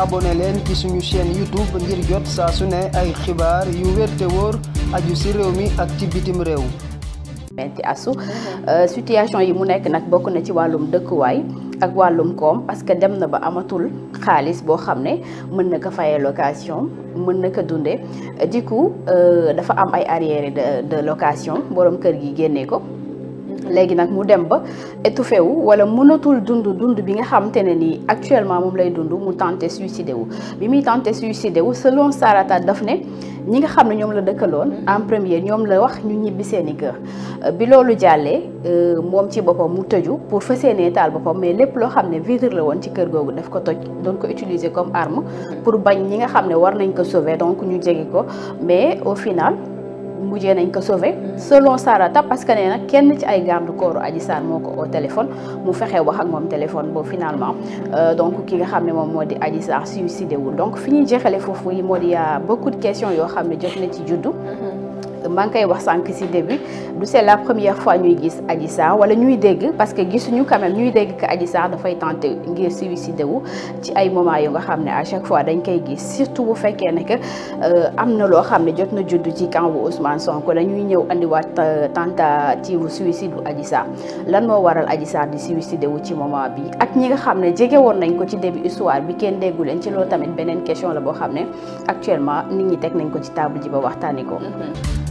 abonné leen ci suñu chaîne YouTube ngir jot saa su ne ay xibaar yu wér te wóor aju ci réew mi ak ci bitim réew. metti asu euh, situation yi mu nekk nag bokk na ci wàllum dëkkuwaay ak wàllum koom parce que dem na ba amatul xaalis boo xam ne mën na ko fayee location mën na ko dundee du coup euh, dafa am ay arriérés de de location borom kër gi génnee ko. léegi nag mu dem ba étouffé wu wala mënatul dund dund bi nga xam ne nii actuellement moom lay dund mu tenté suicidé wu bi muy tenté suicidé wu selon Sarata daf ne ñi nga xam ne ñoom la dëkkaloon en premier ñoom la wax ñu ñibbi seen i kër bi loolu jàllee euh, moom ci boppam mu tëju pour fas yéenee taal boppam mais lépp loo xam ne vitre la woon ci kër googu daf ko toj doon ko utiliser comme arme pour bañ ñi nga xam ne war nañ ko sauver donc ñu jege ko mais au final mujjee nañ ko sauvé selon Sarata parce que nee kenn ci ay garde corps Adji Sarr moo ko au téléphone mu fexe wax ak moom téléphone boobu finalement euh, donc ki nga xam ne moom moo di aji Sarr suicidé wul donc fi ñuy jeexale foofu yi moo di y a beaucoup de questions yoo xam ne jot na ci juddu maa ngi wax sànq si début du c'est la première fois ñuy gis Adji Sarr wala ñuy dégg parce que gisuñu quand ñuy dégg que Adji Sarr dafay tenté ngir suicide wu ci ay moment yu nga xam ne à chaque fois dañ koy gis surtout bu fekkee ne que euh, am na loo xam ne jot na juddu ci camp bu Ousmane Sonko la ñuy ñëw indiwaat euh, tentative suicide bu Adji Sarr lan moo waral Adji Sarr di suicide wu ci moment bi ak ñi nga xam ne jege woon nañ ko ci début histoire bi kenn déggu leen ci loolu tamit beneen question la boo xam ne actuellement nit ñi teg nañ ko ci table ji ba waxtaanee ko. Mm-hmm.